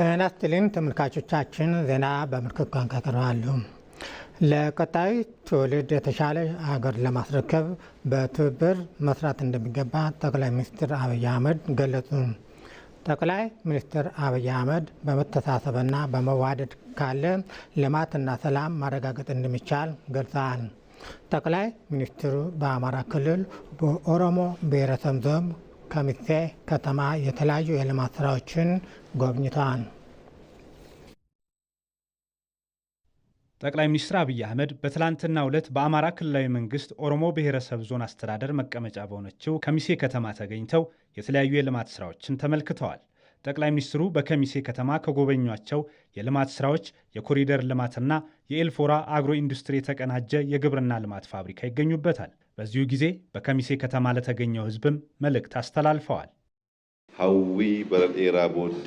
ጤና ይስጥልኝ ተመልካቾቻችን፣ ዜና በምልክት ቋንቋ ቀርባሉ። ለቀጣዩ ትውልድ የተሻለ ሀገር ለማስረከብ በትብብር መስራት እንደሚገባ ጠቅላይ ሚኒስትር አብይ አህመድ ገለጹ። ጠቅላይ ሚኒስትር አብይ አህመድ በመተሳሰብና በመዋደድ ካለ ልማትና ሰላም ማረጋገጥ እንደሚቻል ገልጸዋል። ጠቅላይ ሚኒስትሩ በአማራ ክልል በኦሮሞ ብሔረሰብ ዞን ከሚሴ ከተማ የተለያዩ የልማት ስራዎችን ጎብኝተዋል። ጠቅላይ ሚኒስትር አብይ አህመድ በትላንትና ዕለት በአማራ ክልላዊ መንግስት ኦሮሞ ብሔረሰብ ዞን አስተዳደር መቀመጫ በሆነችው ከሚሴ ከተማ ተገኝተው የተለያዩ የልማት ስራዎችን ተመልክተዋል። ጠቅላይ ሚኒስትሩ በከሚሴ ከተማ ከጎበኟቸው የልማት ስራዎች የኮሪደር ልማትና የኤልፎራ አግሮ ኢንዱስትሪ የተቀናጀ የግብርና ልማት ፋብሪካ ይገኙበታል። በዚሁ ጊዜ በከሚሴ ከተማ ለተገኘው ህዝብም መልእክት አስተላልፈዋል። ሀዊ በረዴራ ቦዴ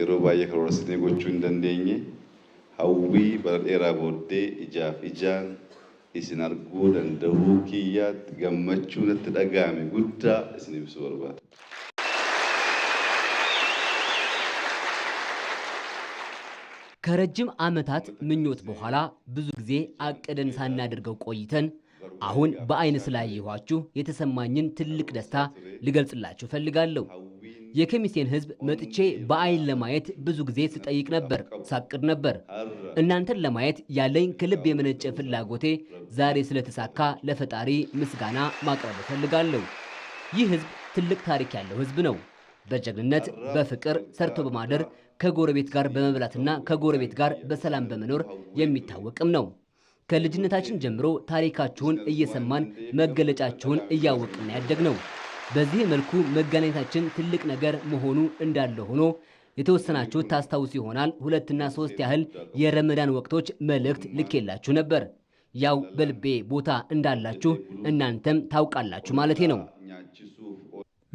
የሮባየ ከሮረስኔ ዜጎቹ እንደንዴኜ hawwi bara dheeraa booddee ijaaf ijaan isin arguu danda'uu kiyyaatti gammachuu natti dhaga'ame guddaa isin ibsu barbaada. ከረጅም ዓመታት ምኞት በኋላ ብዙ ጊዜ አቅደን ሳናደርገው ቆይተን አሁን በአይን ስላየኋችሁ የተሰማኝን ትልቅ ደስታ ልገልጽላችሁ ፈልጋለሁ። የከሚሴን ህዝብ መጥቼ በአይን ለማየት ብዙ ጊዜ ስጠይቅ ነበር፣ ሳቅድ ነበር። እናንተን ለማየት ያለኝ ከልብ የመነጨ ፍላጎቴ ዛሬ ስለተሳካ ለፈጣሪ ምስጋና ማቅረብ እፈልጋለሁ። ይህ ህዝብ ትልቅ ታሪክ ያለው ህዝብ ነው። በጀግንነት በፍቅር ሰርቶ በማደር ከጎረቤት ጋር በመብላትና ከጎረቤት ጋር በሰላም በመኖር የሚታወቅም ነው። ከልጅነታችን ጀምሮ ታሪካችሁን እየሰማን መገለጫችሁን እያወቅን ያደግ ነው። በዚህ መልኩ መገናኘታችን ትልቅ ነገር መሆኑ እንዳለ ሆኖ የተወሰናችሁ ታስታውሱ ይሆናል ሁለትና ሶስት ያህል የረመዳን ወቅቶች መልእክት ልኬላችሁ ነበር። ያው በልቤ ቦታ እንዳላችሁ እናንተም ታውቃላችሁ ማለቴ ነው።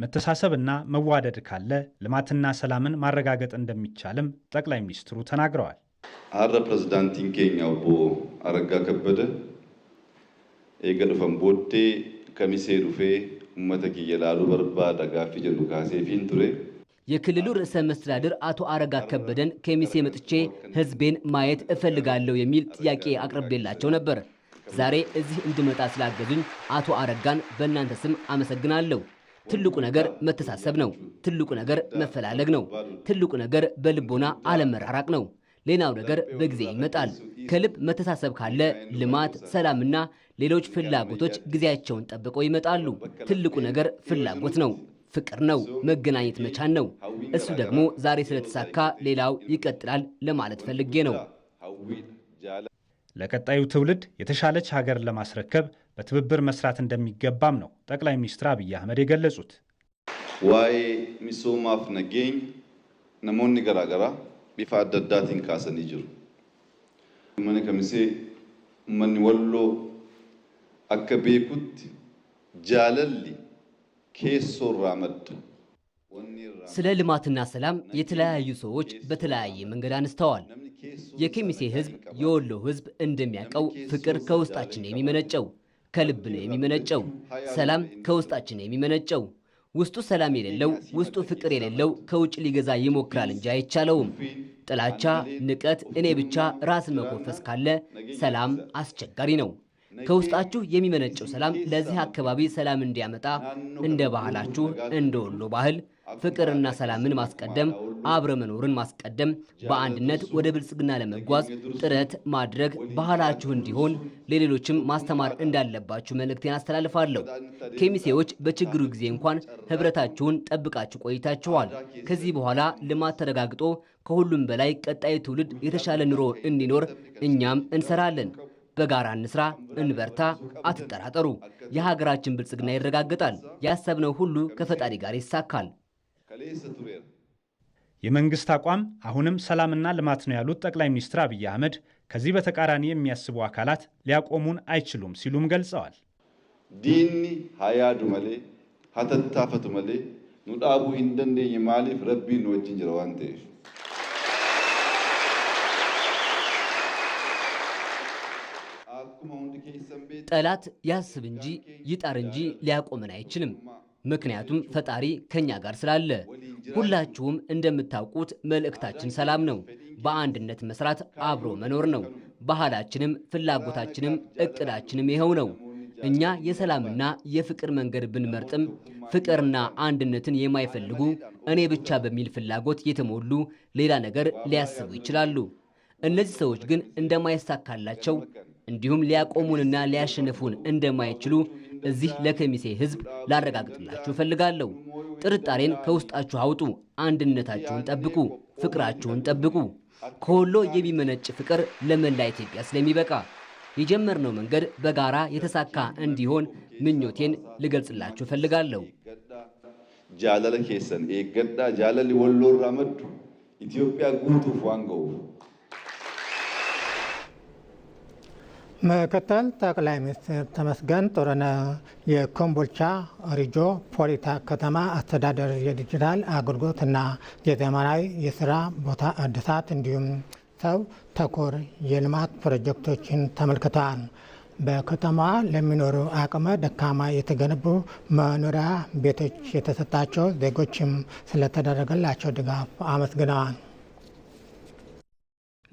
መተሳሰብና መዋደድ ካለ ልማትና ሰላምን ማረጋገጥ እንደሚቻልም ጠቅላይ ሚኒስትሩ ተናግረዋል። አረ ፕሬዚዳንት ንኬኛ ቦ አረጋ ከበደ የገድፈን ቦዴ ከሚሴ ዱፌ ummata kiyya ilaaluu barbaada gaaffii jedhu kaaseefiin ture. የክልሉ ርዕሰ መስተዳድር አቶ አረጋ ከበደን ከሚሴ መጥቼ ህዝቤን ማየት እፈልጋለሁ የሚል ጥያቄ አቅርቤላቸው ነበር። ዛሬ እዚህ እንድመጣ ስላገዙኝ አቶ አረጋን በእናንተ ስም አመሰግናለሁ። ትልቁ ነገር መተሳሰብ ነው። ትልቁ ነገር መፈላለግ ነው። ትልቁ ነገር በልቦና አለመራራቅ ነው። ሌላው ነገር በጊዜ ይመጣል። ከልብ መተሳሰብ ካለ ልማት፣ ሰላምና ሌሎች ፍላጎቶች ጊዜያቸውን ጠብቀው ይመጣሉ። ትልቁ ነገር ፍላጎት ነው፣ ፍቅር ነው፣ መገናኘት መቻን ነው። እሱ ደግሞ ዛሬ ስለተሳካ ሌላው ይቀጥላል ለማለት ፈልጌ ነው። ለቀጣዩ ትውልድ የተሻለች ሀገር ለማስረከብ በትብብር መስራት እንደሚገባም ነው ጠቅላይ ሚኒስትር አብይ አህመድ የገለጹት። ዋይ ሚሶማፍ ነገኝ ነሞኒ ገራገራ ቢፋ አደዳቲን ካሰን ይጅሩ መኒ ከሚሴ መኒ ወሎ akka beekutti jaalalli keessoorraa madda። ስለ ልማትና ሰላም የተለያዩ ሰዎች በተለያየ መንገድ አነስተዋል። የኬሚሴ ህዝብ የወሎ ህዝብ እንደሚያውቀው ፍቅር ከውስጣችን የሚመነጨው ከልብ ነው የሚመነጨው። ሰላም ከውስጣችን የሚመነጨው ውስጡ ሰላም የሌለው ውስጡ ፍቅር የሌለው ከውጭ ሊገዛ ይሞክራል እንጂ አይቻለውም። ጥላቻ፣ ንቀት፣ እኔ ብቻ ራስን መኮፈስ ካለ ሰላም አስቸጋሪ ነው። ከውስጣችሁ የሚመነጨው ሰላም ለዚህ አካባቢ ሰላም እንዲያመጣ እንደ ባህላችሁ እንደ ወሎ ባህል ፍቅርና ሰላምን ማስቀደም፣ አብረ መኖርን ማስቀደም፣ በአንድነት ወደ ብልጽግና ለመጓዝ ጥረት ማድረግ ባህላችሁ እንዲሆን ለሌሎችም ማስተማር እንዳለባችሁ መልእክቴን አስተላልፋለሁ። ኬሚሴዎች በችግሩ ጊዜ እንኳን ሕብረታችሁን ጠብቃችሁ ቆይታችኋል። ከዚህ በኋላ ልማት ተረጋግጦ ከሁሉም በላይ ቀጣይ ትውልድ የተሻለ ኑሮ እንዲኖር እኛም እንሰራለን። በጋራ እንስራ፣ እንበርታ፣ አትጠራጠሩ። የሀገራችን ብልጽግና ይረጋገጣል። ያሰብነው ሁሉ ከፈጣሪ ጋር ይሳካል። የመንግስት አቋም አሁንም ሰላምና ልማት ነው ያሉት ጠቅላይ ሚኒስትር አብይ አህመድ ከዚህ በተቃራኒ የሚያስቡ አካላት ሊያቆሙን አይችሉም ሲሉም ገልጸዋል። ዲኒ ሀያዱ መሌ ሀተታፈቱ መሌ ኑዳቡ እንደንዴ የማሊፍ ረቢን ወጅንጅረዋንቴ ጠላት ያስብ እንጂ ይጣር እንጂ ሊያቆመን አይችልም። ምክንያቱም ፈጣሪ ከኛ ጋር ስላለ። ሁላችሁም እንደምታውቁት መልእክታችን ሰላም ነው። በአንድነት መስራት፣ አብሮ መኖር ነው። ባህላችንም ፍላጎታችንም እቅዳችንም ይኸው ነው። እኛ የሰላምና የፍቅር መንገድ ብንመርጥም ፍቅርና አንድነትን የማይፈልጉ እኔ ብቻ በሚል ፍላጎት የተሞሉ ሌላ ነገር ሊያስቡ ይችላሉ። እነዚህ ሰዎች ግን እንደማይሳካላቸው እንዲሁም ሊያቆሙንና ሊያሸንፉን እንደማይችሉ እዚህ ለከሚሴ ህዝብ ላረጋግጥላችሁ እፈልጋለሁ። ጥርጣሬን ከውስጣችሁ አውጡ። አንድነታችሁን ጠብቁ። ፍቅራችሁን ጠብቁ። ከወሎ የሚመነጭ ፍቅር ለመላ ኢትዮጵያ ስለሚበቃ የጀመርነው መንገድ በጋራ የተሳካ እንዲሆን ምኞቴን ልገልጽላችሁ እፈልጋለሁ። ጃለለ ኬሰን ኤገዳ ጃለል ወሎ ራመዱ ኢትዮጵያ ጉቱ ዋንገው ምክትል ጠቅላይ ሚኒስትር ተመስገን ጥሩነህ የኮምቦልቻ ሪጆ ፖሊታ ከተማ አስተዳደር የዲጂታል አገልግሎትና የዘመናዊ የስራ ቦታ እድሳት እንዲሁም ሰው ተኮር የልማት ፕሮጀክቶችን ተመልክተዋል። በከተማዋ ለሚኖሩ አቅመ ደካማ የተገነቡ መኖሪያ ቤቶች የተሰጣቸው ዜጎችም ስለተደረገላቸው ድጋፍ አመስግነዋል።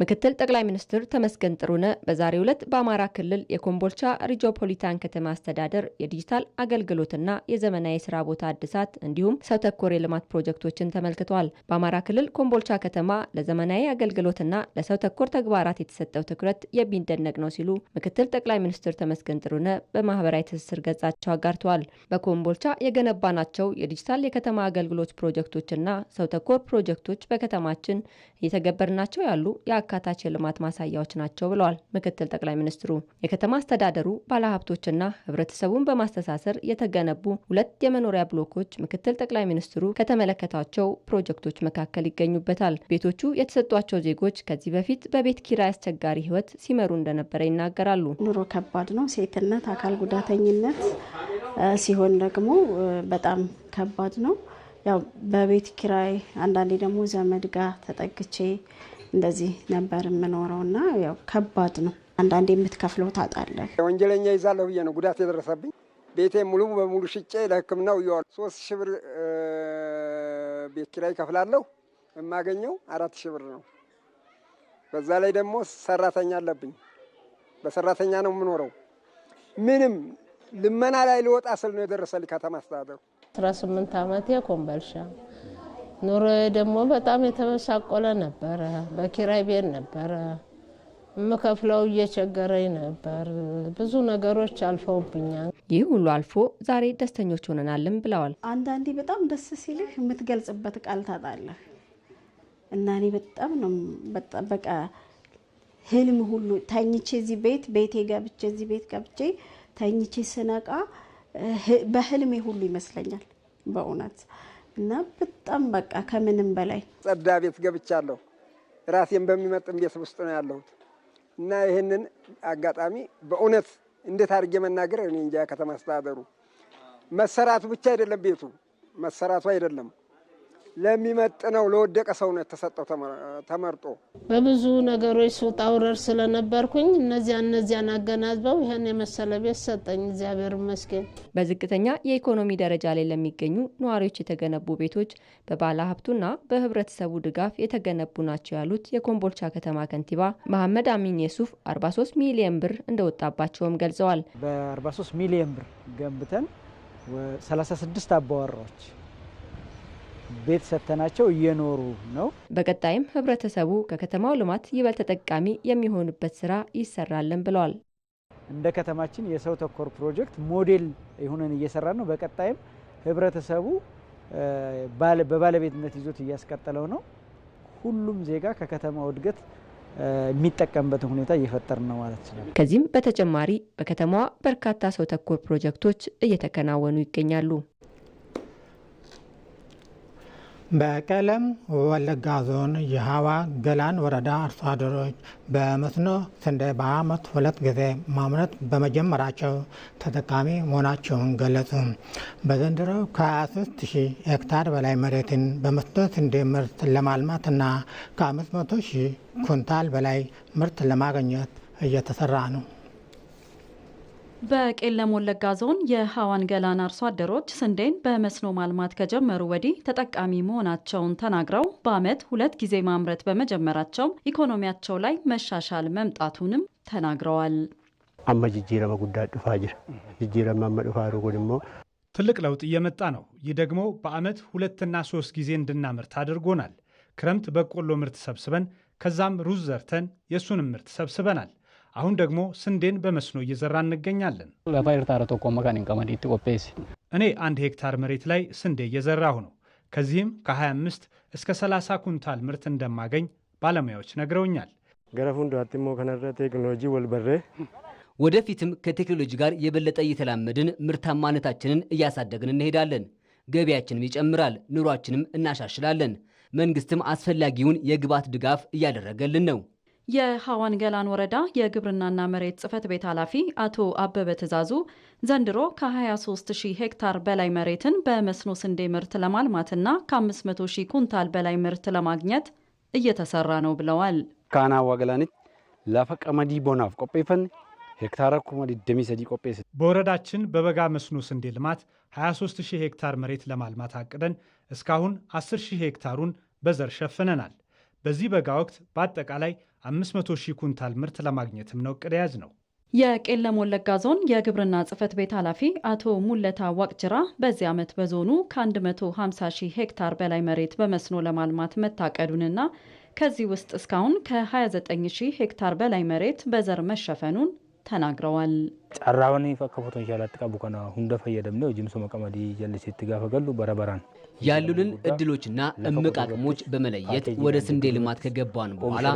ምክትል ጠቅላይ ሚኒስትር ተመስገን ጥሩነ በዛሬው ዕለት በአማራ ክልል የኮምቦልቻ ሪጆፖሊታን ከተማ አስተዳደር የዲጂታል አገልግሎትና የዘመናዊ ስራ ቦታ እድሳት እንዲሁም ሰው ተኮር የልማት ፕሮጀክቶችን ተመልክተዋል። በአማራ ክልል ኮምቦልቻ ከተማ ለዘመናዊ አገልግሎትና ለሰው ተኮር ተግባራት የተሰጠው ትኩረት የሚደነቅ ነው ሲሉ ምክትል ጠቅላይ ሚኒስትር ተመስገን ጥሩነ በማህበራዊ ትስስር ገጻቸው አጋርተዋል። በኮምቦልቻ የገነባናቸው የዲጂታል የከተማ አገልግሎት ፕሮጀክቶችና ሰው ተኮር ፕሮጀክቶች በከተማችን እየተገበርናቸው ያሉ የአካታች የልማት ማሳያዎች ናቸው ብለዋል ምክትል ጠቅላይ ሚኒስትሩ። የከተማ አስተዳደሩ ባለሀብቶችና ህብረተሰቡን በማስተሳሰር የተገነቡ ሁለት የመኖሪያ ብሎኮች ምክትል ጠቅላይ ሚኒስትሩ ከተመለከታቸው ፕሮጀክቶች መካከል ይገኙበታል። ቤቶቹ የተሰጧቸው ዜጎች ከዚህ በፊት በቤት ኪራይ አስቸጋሪ ህይወት ሲመሩ እንደነበረ ይናገራሉ። ኑሮ ከባድ ነው። ሴትነት፣ አካል ጉዳተኝነት ሲሆን ደግሞ በጣም ከባድ ነው። ያው በቤት ኪራይ አንዳንዴ ደግሞ ዘመድ ጋር ተጠግቼ እንደዚህ ነበር የምኖረው እና ያው ከባድ ነው። አንዳንዴ የምትከፍለው ታጣለህ። ወንጀለኛ ይዛለሁ ብዬ ነው ጉዳት የደረሰብኝ። ቤቴ ሙሉ በሙሉ ሽጬ ለሕክምናው እየዋሉ ሶስት ሺህ ብር ቤት ኪራይ ከፍላለሁ። የማገኘው አራት ሺህ ብር ነው። በዛ ላይ ደግሞ ሰራተኛ አለብኝ። በሰራተኛ ነው የምኖረው። ምንም ልመና ላይ ልወጣ ስል ነው የደረሰልኝ ከተማ አስተዳደሩ 18 አመት ኮምበልሻ ኑሮ ደግሞ በጣም የተበሳቆለ ነበረ። በኪራይ ቤት ነበረ የምከፍለው እየቸገረኝ ነበር። ብዙ ነገሮች አልፈውብኛል። ይህ ሁሉ አልፎ ዛሬ ደስተኞች ሆነናልም ብለዋል። አንዳንዴ በጣም ደስ ሲልህ የምትገልጽበት ቃል ታጣለህ እና እኔ በጣም ነው በቃ ህልም ሁሉ ተኝቼ እዚህ ቤት ቤቴ ገብቼ እዚህ ቤት ገብቼ ተኝቼ ስነቃ በህልሜ ሁሉ ይመስለኛል በእውነት እና በጣም በቃ ከምንም በላይ ጸዳ ቤት ገብቻለሁ። ራሴን በሚመጥን ቤት ውስጥ ነው ያለሁት እና ይህንን አጋጣሚ በእውነት እንዴት አድርጌ መናገር እኔ እንጃ። ከተማ አስተዳደሩ መሰራቱ ብቻ አይደለም ቤቱ መሰራቱ አይደለም ለሚመጥነው ለወደቀ ሰውነት ተሰጠው ተመርጦ በብዙ ነገሮች ስውጣ ውረድ ስለነበርኩኝ እነዚያ እነዚያን አገናዝበው ይህን የመሰለ ቤት ሰጠኝ። እግዚአብሔር ይመስገን። በዝቅተኛ የኢኮኖሚ ደረጃ ላይ ለሚገኙ ነዋሪዎች የተገነቡ ቤቶች በባለ ሀብቱና በህብረተሰቡ ድጋፍ የተገነቡ ናቸው ያሉት የኮምቦልቻ ከተማ ከንቲባ መሐመድ አሚን የሱፍ 43 ሚሊየን ብር እንደወጣባቸውም ገልጸዋል። በ43 ሚሊየን ብር ገንብተን 36 አባወራዎች ቤት ሰጥተናቸው እየኖሩ ነው። በቀጣይም ህብረተሰቡ ከከተማው ልማት ይበልጥ ተጠቃሚ የሚሆንበት ስራ ይሰራልን ብለዋል። እንደ ከተማችን የሰው ተኮር ፕሮጀክት ሞዴል የሆነን እየሰራ ነው። በቀጣይም ህብረተሰቡ በባለቤትነት ይዞት እያስቀጠለው ነው። ሁሉም ዜጋ ከከተማው እድገት የሚጠቀምበትን ሁኔታ እየፈጠር ነው ማለት ይችላል። ከዚህም በተጨማሪ በከተማዋ በርካታ ሰው ተኮር ፕሮጀክቶች እየተከናወኑ ይገኛሉ። በቀለም ወለጋ ዞን የሀዋ ገላን ወረዳ አርሶ አደሮች በመስኖ ስንዴ በዓመት ሁለት ጊዜ ማምረት በመጀመራቸው ተጠቃሚ መሆናቸውን ገለጹ። በዘንድሮው ከ23 ሺህ ሄክታር በላይ መሬትን በመስኖ ስንዴ ምርት ለማልማትና ከ500 ሺህ ኩንታል በላይ ምርት ለማግኘት እየተሰራ ነው። በቄለም ወለጋ ዞን የሀዋን ገላን አርሶ አደሮች ስንዴን በመስኖ ማልማት ከጀመሩ ወዲህ ተጠቃሚ መሆናቸውን ተናግረው በዓመት ሁለት ጊዜ ማምረት በመጀመራቸው ኢኮኖሚያቸው ላይ መሻሻል መምጣቱንም ተናግረዋል። አመ ጅጅረመ ጉዳ ጥፋ ጅር ጅጅረመ አመ ዱፋ ትልቅ ለውጥ እየመጣ ነው። ይህ ደግሞ በዓመት ሁለትና ሶስት ጊዜ እንድናምርት አድርጎናል። ክረምት በቆሎ ምርት ሰብስበን ከዛም ሩዝ ዘርተን የእሱንም ምርት ሰብስበናል። አሁን ደግሞ ስንዴን በመስኖ እየዘራ እንገኛለን። እኔ አንድ ሄክታር መሬት ላይ ስንዴ እየዘራሁ ነው። ከዚህም ከ25 እስከ 30 ኩንታል ምርት እንደማገኝ ባለሙያዎች ነግረውኛል። ገረፉን ከነረ ቴክኖሎጂ ወልበሬ ወደፊትም ከቴክኖሎጂ ጋር የበለጠ እየተላመድን ምርታማነታችንን እያሳደግን እንሄዳለን። ገቢያችንም ይጨምራል፣ ኑሯችንም እናሻሽላለን። መንግስትም አስፈላጊውን የግብዓት ድጋፍ እያደረገልን ነው። የሐዋን ገላን ወረዳ የግብርናና መሬት ጽሕፈት ቤት ኃላፊ አቶ አበበ ትእዛዙ ዘንድሮ ከ23 ሺህ ሄክታር በላይ መሬትን በመስኖ ስንዴ ምርት ለማልማትና ከ500 ሺህ ኩንታል በላይ ምርት ለማግኘት እየተሰራ ነው ብለዋል። ካና ዋገላንች ላፈ ቦናፍ ቆጴፈን ሄክታር ኩመዲ ደሚሰዲ ሰዲ በወረዳችን በበጋ መስኖ ስንዴ ልማት 23 ሺህ ሄክታር መሬት ለማልማት አቅደን እስካሁን 10 ሺህ ሄክታሩን በዘር ሸፍነናል። በዚህ በጋ ወቅት በአጠቃላይ 500 ሺህ ኩንታል ምርት ለማግኘትም ነው እቅድ ነው። የቄለም ወለጋ ዞን የግብርና ጽህፈት ቤት ኃላፊ አቶ ሙለታ ዋቅጅራ በዚህ ዓመት በዞኑ ከ150 ሺህ ሄክታር በላይ መሬት በመስኖ ለማልማት መታቀዱንና ከዚህ ውስጥ እስካሁን ከ29 ሺህ ሄክታር በላይ መሬት በዘር መሸፈኑን ተናግረዋል። ጫራውን ከፎቶ ሻላጥቃቡ ከና ሁንደ ፈየደምነ ጅምሶ መቀመዲ ጀልሴ ትጋፈገሉ በረበራን ያሉንን እድሎችና እምቅ አቅሞች በመለየት ወደ ስንዴ ልማት ከገባን በኋላ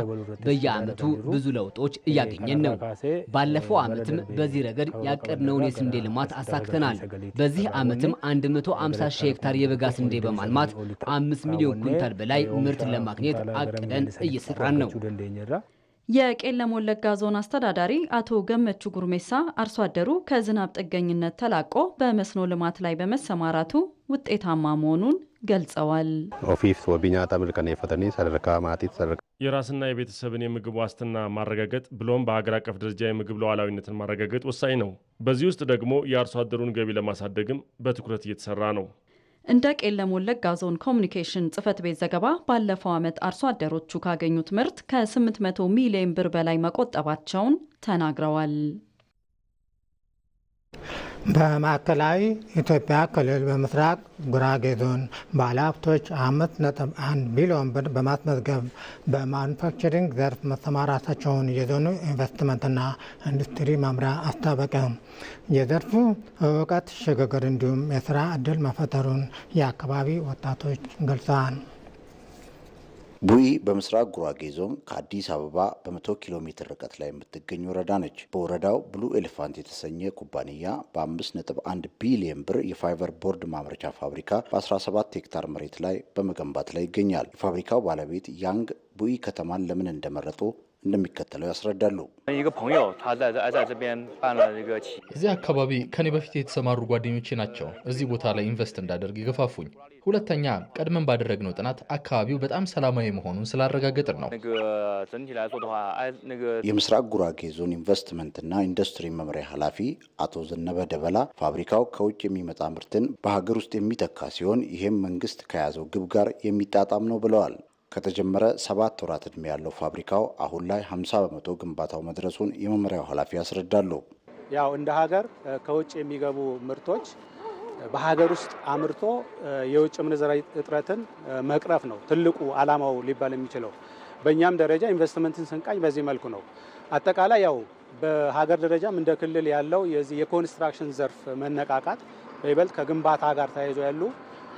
በየአመቱ ብዙ ለውጦች እያገኘን ነው። ባለፈው አመትም በዚህ ረገድ ያቀድነውን የስንዴ ልማት አሳክተናል። በዚህ አመትም 150 ሺህ ሄክታር የበጋ ስንዴ በማልማት 5 ሚሊዮን ኩንታል በላይ ምርት ለማግኘት አቅደን እየሰራን ነው። የቄለም ወለጋ ዞን አስተዳዳሪ አቶ ገመቹ ጉርሜሳ አርሶ አደሩ ከዝናብ ጥገኝነት ተላቆ በመስኖ ልማት ላይ በመሰማራቱ ውጤታማ መሆኑን ገልጸዋል። ኦፊፍ ወቢኛ ተምልከን የፈተኒ ሰርካ ማቲት ሰደርካ የራስና የቤተሰብን የምግብ ዋስትና ማረጋገጥ ብሎም በሀገር አቀፍ ደረጃ የምግብ ሉዓላዊነትን ማረጋገጥ ወሳኝ ነው። በዚህ ውስጥ ደግሞ የአርሶ አደሩን ገቢ ለማሳደግም በትኩረት እየተሰራ ነው። እንደ ቄለም ወለጋ ዞን ኮሚኒኬሽን ጽህፈት ቤት ዘገባ ባለፈው ዓመት አርሶ አደሮቹ ካገኙት ምርት ከ800 ሚሊዮን ብር በላይ መቆጠባቸውን ተናግረዋል። በማዕከላዊ ኢትዮጵያ ክልል በምስራቅ ጉራጌ ዞን ባለሀብቶች አምስት ነጥብ አንድ ቢሊዮን ብር በማስመዝገብ በማኑፋክቸሪንግ ዘርፍ መሰማራታቸውን የዞኑ ኢንቨስትመንትና ኢንዱስትሪ መምሪያ አስታወቀ። የዘርፉ እውቀት ሽግግር እንዲሁም የስራ እድል መፈጠሩን የአካባቢ ወጣቶች ገልጸዋል። ቡኢ በምስራቅ ጉራጌ ዞን ከአዲስ አበባ በመቶ ኪሎ ሜትር ርቀት ላይ የምትገኝ ወረዳ ነች። በወረዳው ብሉ ኤሌፋንት የተሰኘ ኩባንያ በ5.1 ቢሊዮን ብር የፋይበር ቦርድ ማምረቻ ፋብሪካ በ17 ሄክታር መሬት ላይ በመገንባት ላይ ይገኛል። የፋብሪካው ባለቤት ያንግ ቡኢ ከተማን ለምን እንደመረጡ እንደሚከተለው ያስረዳሉ። እዚህ አካባቢ ከኔ በፊት የተሰማሩ ጓደኞቼ ናቸው እዚህ ቦታ ላይ ኢንቨስት እንዳደርግ ይገፋፉኝ። ሁለተኛ ቀድመን ባደረግነው ጥናት አካባቢው በጣም ሰላማዊ መሆኑን ስላረጋገጥን ነው። የምስራቅ ጉራጌ ዞን ኢንቨስትመንትና ኢንዱስትሪ መምሪያ ኃላፊ አቶ ዘነበ ደበላ ፋብሪካው ከውጭ የሚመጣ ምርትን በሀገር ውስጥ የሚተካ ሲሆን ይህም መንግስት ከያዘው ግብ ጋር የሚጣጣም ነው ብለዋል። ከተጀመረ ሰባት ወራት ዕድሜ ያለው ፋብሪካው አሁን ላይ 50 በመቶ ግንባታው መድረሱን የመምሪያው ኃላፊ ያስረዳሉ። ያው እንደ ሀገር ከውጭ የሚገቡ ምርቶች በሀገር ውስጥ አምርቶ የውጭ ምንዛሪ እጥረትን መቅረፍ ነው ትልቁ ዓላማው ሊባል የሚችለው። በእኛም ደረጃ ኢንቨስትመንትን ስንቃኝ በዚህ መልኩ ነው። አጠቃላይ ያው በሀገር ደረጃም እንደ ክልል ያለው የዚህ የኮንስትራክሽን ዘርፍ መነቃቃት በይበልጥ ከግንባታ ጋር ተያይዞ ያሉ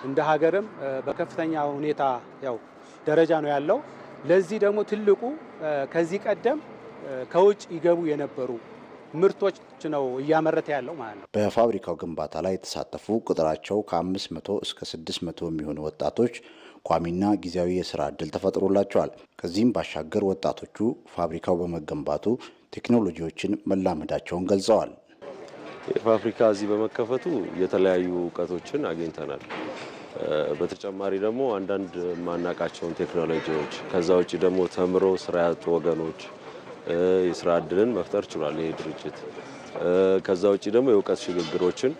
እንደ ሀገርም በከፍተኛ ሁኔታ ያው ደረጃ ነው ያለው። ለዚህ ደግሞ ትልቁ ከዚህ ቀደም ከውጭ ይገቡ የነበሩ ምርቶች ነው እያመረተ ያለው ማለት ነው። በፋብሪካው ግንባታ ላይ የተሳተፉ ቁጥራቸው ከ መቶ እስከ 600 መቶ የሚሆኑ ወጣቶች ቋሚና ጊዜያዊ የስራ እድል ተፈጥሮላቸዋል። ከዚህም ባሻገር ወጣቶቹ ፋብሪካው በመገንባቱ ቴክኖሎጂዎችን መላመዳቸውን ገልጸዋል። ፋብሪካ እዚህ በመከፈቱ የተለያዩ እውቀቶችን አግኝተናል። በተጨማሪ ደግሞ አንዳንድ ማናቃቸውን ቴክኖሎጂዎች ከዛ ውጭ ደግሞ ተምሮ ስራ ያጡ ወገኖች የስራ እድልን መፍጠር ችሏል ይሄ ድርጅት። ከዛ ውጭ ደግሞ የእውቀት ሽግግሮችን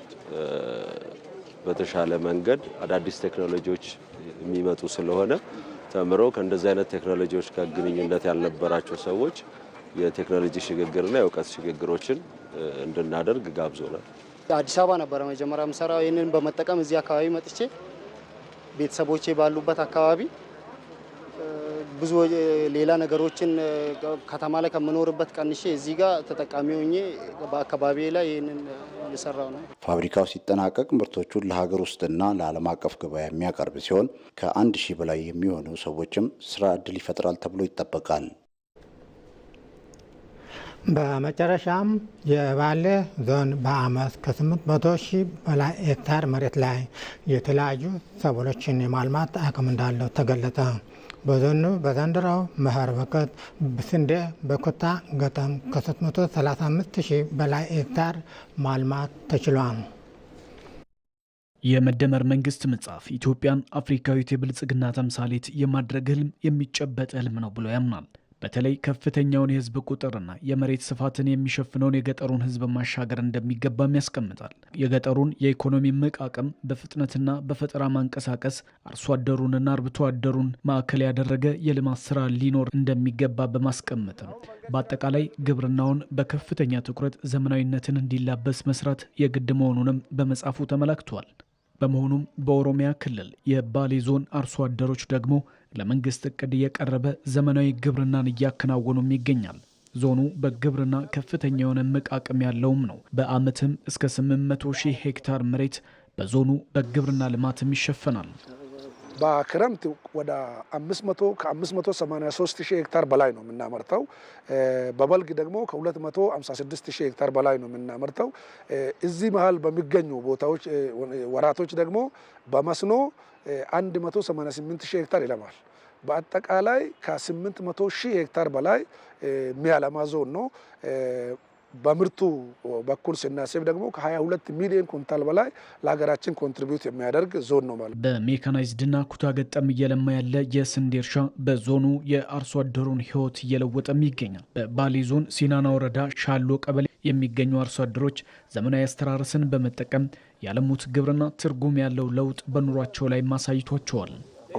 በተሻለ መንገድ አዳዲስ ቴክኖሎጂዎች የሚመጡ ስለሆነ ተምሮ ከእንደዚህ አይነት ቴክኖሎጂዎች ጋር ግንኙነት ያልነበራቸው ሰዎች የቴክኖሎጂ ሽግግርና የእውቀት ሽግግሮችን እንድናደርግ ጋብዞናል። አዲስ አበባ ነበረ መጀመሪያ ምሰራ። ይህንን በመጠቀም እዚህ አካባቢ መጥቼ ቤተሰቦቼ ባሉበት አካባቢ ብዙ ሌላ ነገሮችን ከተማ ላይ ከምኖርበት ቀንሼ እዚህ ጋር ተጠቃሚ ሆኜ በአካባቢ ላይ ይህንን እየሰራው ነው። ፋብሪካው ሲጠናቀቅ ምርቶቹን ለሀገር ውስጥና ለዓለም አቀፍ ገበያ የሚያቀርብ ሲሆን ከአንድ ሺህ በላይ የሚሆኑ ሰዎችም ስራ እድል ይፈጥራል ተብሎ ይጠበቃል። በመጨረሻም የባሌ ዞን በአመት ከ800 ሺህ በላይ ሄክታር መሬት ላይ የተለያዩ ሰብሎችን የማልማት አቅም እንዳለው ተገለጠ። በዞኑ በዘንድሮው መኸር ወቅት ስንዴ በኩታ ገጠም ከ 35 ሺህ በላይ ሄክታር ማልማት ተችሏል። የመደመር መንግስት መጽሐፍ ኢትዮጵያን አፍሪካዊት የብልጽግና ተምሳሌት የማድረግ ህልም የሚጨበጥ ህልም ነው ብሎ ያምናል። በተለይ ከፍተኛውን የህዝብ ቁጥርና የመሬት ስፋትን የሚሸፍነውን የገጠሩን ህዝብ ማሻገር እንደሚገባም ያስቀምጣል። የገጠሩን የኢኮኖሚ እምቅ አቅም በፍጥነትና በፈጠራ ማንቀሳቀስ አርሶ አደሩንና አርብቶ አደሩን ማዕከል ያደረገ የልማት ስራ ሊኖር እንደሚገባ በማስቀመጥም በአጠቃላይ ግብርናውን በከፍተኛ ትኩረት ዘመናዊነትን እንዲላበስ መስራት የግድ መሆኑንም በመጻፉ ተመላክቷል። በመሆኑም በኦሮሚያ ክልል የባሌ ዞን አርሶ አደሮች ደግሞ ለመንግስት እቅድ እየቀረበ ዘመናዊ ግብርናን እያከናወኑም ይገኛል። ዞኑ በግብርና ከፍተኛ የሆነ እምቅ አቅም ያለውም ነው። በአመትም እስከ 800 ሺህ ሄክታር መሬት በዞኑ በግብርና ልማትም ይሸፈናል። በክረምት ወደ 500 ከ583 ሺህ ሄክታር በላይ ነው የምናመርተው። በበልግ ደግሞ ከ256 ሺህ ሄክታር በላይ ነው የምናመርተው። እዚህ መሀል በሚገኙ ቦታዎች ወራቶች ደግሞ በመስኖ 188 ሺህ ሄክታር ይለማል። በአጠቃላይ ከ800 ሺህ ሄክታር በላይ የሚያለማ ዞን ነው። በምርቱ በኩል ስናስብ ደግሞ ከ22 ሚሊዮን ኩንታል በላይ ለሀገራችን ኮንትሪቢዩት የሚያደርግ ዞን ነው ማለት። በሜካናይዝድና ኩታ ገጠም እየለማ ያለ የስንዴ እርሻ በዞኑ የአርሶ አደሩን ህይወት እየለወጠም ይገኛል። በባሌ ዞን ሲናና ወረዳ ሻሎ ቀበሌ የሚገኙ አርሶ አደሮች ዘመናዊ አስተራረስን በመጠቀም ያለሙት ግብርና ትርጉም ያለው ለውጥ በኑሯቸው ላይ ማሳይቷቸዋል።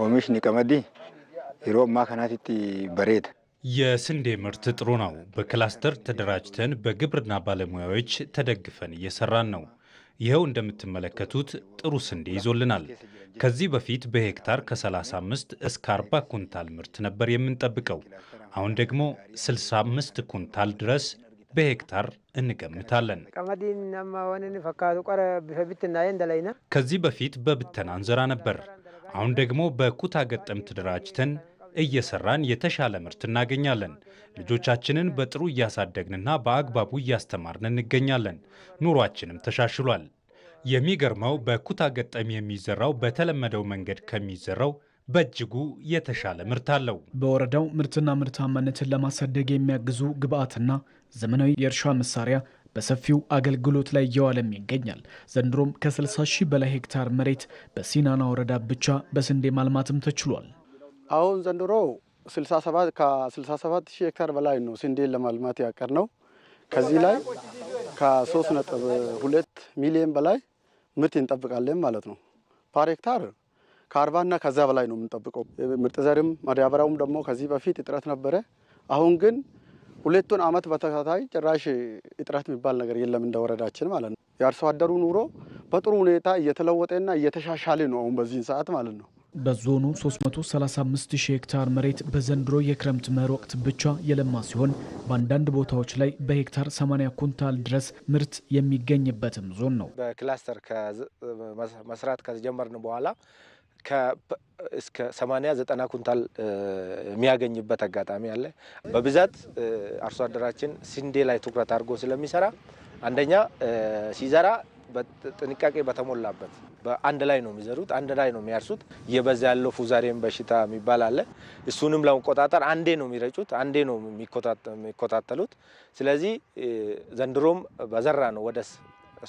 ኦሚሽኒ ቀመዲ ሮ ማከናቲቲ በሬድ የስንዴ ምርት ጥሩ ነው። በክላስተር ተደራጅተን በግብርና ባለሙያዎች ተደግፈን እየሰራን ነው። ይኸው እንደምትመለከቱት ጥሩ ስንዴ ይዞልናል። ከዚህ በፊት በሄክታር ከ35 እስከ 40 ኩንታል ምርት ነበር የምንጠብቀው። አሁን ደግሞ 65 ኩንታል ድረስ በሄክታር እንገምታለን። ከዚህ በፊት በብተና እንዘራ ነበር። አሁን ደግሞ በኩታ ገጠም ተደራጅተን እየሰራን የተሻለ ምርት እናገኛለን። ልጆቻችንን በጥሩ እያሳደግንና በአግባቡ እያስተማርን እንገኛለን። ኑሯችንም ተሻሽሏል። የሚገርመው በኩታ ገጠም የሚዘራው በተለመደው መንገድ ከሚዘራው በእጅጉ የተሻለ ምርት አለው። በወረዳው ምርትና ምርታማነትን ለማሳደግ የሚያግዙ ግብአትና ዘመናዊ የእርሻ መሳሪያ በሰፊው አገልግሎት ላይ እየዋለም ይገኛል። ዘንድሮም ከ60 ሺህ በላይ ሄክታር መሬት በሲናና ወረዳ ብቻ በስንዴ ማልማትም ተችሏል። አሁን ዘንድሮ 67 ከ67 ሺህ ሄክታር በላይ ነው ስንዴን ለማልማት ያቀር ነው። ከዚህ ላይ ከ3.2 ሚሊዮን በላይ ምርት እንጠብቃለን ማለት ነው። ፓር ሄክታር ከአርባና ከዛ በላይ ነው የምንጠብቀው። ምርጥ ዘርም ማዳበሪያውም ደግሞ ከዚህ በፊት እጥረት ነበረ። አሁን ግን ሁለቱን አመት በተከታታይ ጭራሽ እጥረት የሚባል ነገር የለም እንደ ወረዳችን ማለት ነው። የአርሶ አደሩ ኑሮ በጥሩ ሁኔታ እየተለወጠና እየተሻሻለ ነው አሁን በዚህን ሰዓት ማለት ነው። በዞኑ 335 ሺህ ሄክታር መሬት በዘንድሮ የክረምት መኸር ወቅት ብቻ የለማ ሲሆን በአንዳንድ ቦታዎች ላይ በሄክታር 80 ኩንታል ድረስ ምርት የሚገኝበትም ዞን ነው። በክላስተር መስራት ከጀመርን በኋላ እስከ 80 90 ኩንታል የሚያገኝበት አጋጣሚ አለ። በብዛት አርሶ አደራችን ስንዴ ላይ ትኩረት አድርጎ ስለሚሰራ አንደኛ ሲዘራ ጥንቃቄ በተሞላበት በአንድ ላይ ነው የሚዘሩት፣ አንድ ላይ ነው የሚያርሱት። እየበዛ ያለው ፉዛሬም በሽታ የሚባል አለ። እሱንም ለመቆጣጠር አንዴ ነው የሚረጩት፣ አንዴ ነው የሚኮታተሉት። ስለዚህ ዘንድሮም በዘራ ነው ወደስ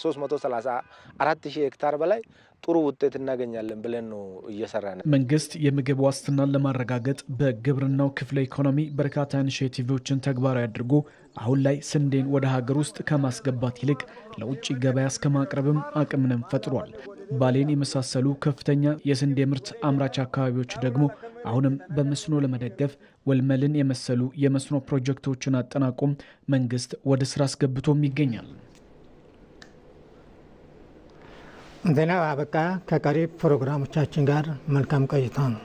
334 ሺህ ሄክታር በላይ ጥሩ ውጤት እናገኛለን ብለን ነው እየሰራ ነው። መንግስት የምግብ ዋስትናን ለማረጋገጥ በግብርናው ክፍለ ኢኮኖሚ በርካታ ኢኒሽቲቭዎችን ተግባራዊ አድርጎ አሁን ላይ ስንዴን ወደ ሀገር ውስጥ ከማስገባት ይልቅ ለውጭ ገበያ እስከ ማቅረብም አቅምንም ፈጥሯል። ባሌን የመሳሰሉ ከፍተኛ የስንዴ ምርት አምራች አካባቢዎች ደግሞ አሁንም በመስኖ ለመደገፍ ወልመልን የመሰሉ የመስኖ ፕሮጀክቶችን አጠናቆም መንግስት ወደ ስራ አስገብቶም ይገኛል። ዜናው አበቃ። ከቀሪ ፕሮግራሞቻችን ጋር መልካም ቆይታ ነው።